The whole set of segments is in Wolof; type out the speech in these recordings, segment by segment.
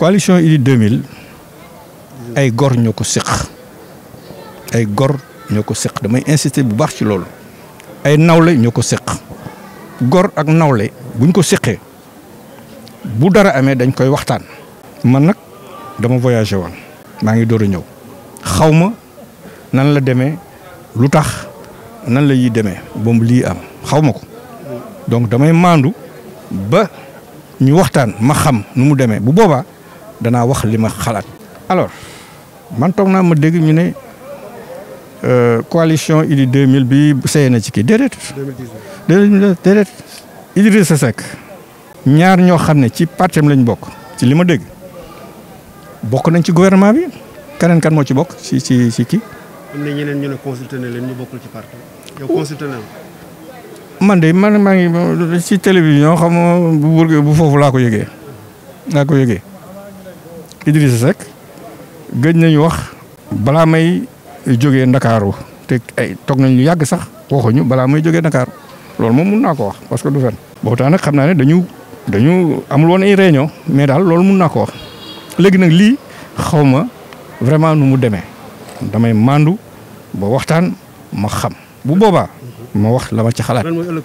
coalition Idy 2000 ay gor ñoo ko séq ay gor ñoo ko séq damay insité bu baax ci loolu ay nawle ñoo ko séq gor ak nawle buñ ko séqee bu dara amee dañ koy waxtaan man nag dama voyagé woon maa ngi door a ñëw xaw ma nan la demee lu tax nan la yi demee ba lii am xaw ma ko donc damay maandu ba ñu waxtaan ma xam nu mu demee bu boobaa danaa wax li ma xalaat. alors man toog naa ma dégg ñu ne euh, coalition de 2000 bi sey na ci kii déedéet. 2019 déedéet Idrissa Seck ñaar ñoo xam ne ci partem lañ bokk ci li ma dégg bokk nañ ci gouvernement bi keneen kan moo ci bokk si si si kii. am na ñeneen ñu ne consulté na leen ñu bokkul ci parti yow man de man maa ngi ci télévision xam bu bu foofu laa ko yëgee laa ko yëgee. Idrissa Seck gëj nañu wax balaa may jógee Ndakaaru te ay toog nañ lu yàgg sax waxuñu balaa may jóge Ndakaaru loolu moom mun naa ko wax parce que du fen boobu tax nag xam naa ne dañu dañu amul woon ay réunion mais daal loolu mun naa ko wax léegi nag lii xaw ma vraiment nu mu demee damay màndu ba waxtaan ma xam bu boobaa ma wax la ma ci xalaat. lan mooy ëllëg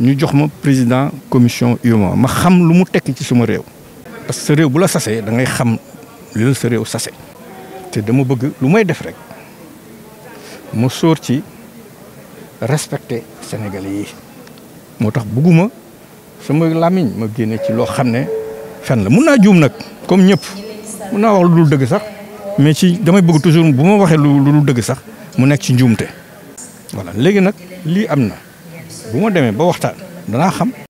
ñu jox ma président commission UEMOA ma xam lu mu tekki ci suma réew parce que réew bu la sasee da ngay xam li la sa réew sase te dama bëgg lu may def rek mu sóor ci respecter sénégalais yi moo tax bëgguma sama làmmiñ ma génne ci loo xam ne fen la mun naa juum nag comme ñëpp mun naa wax lu dul dëgg sax mais ci damay bëgg toujours bu ma waxee lu dul dëgg sax mu nekk ci njuumte voilà léegi nag lii am na bu ma demee ba waxtaan danaa xam.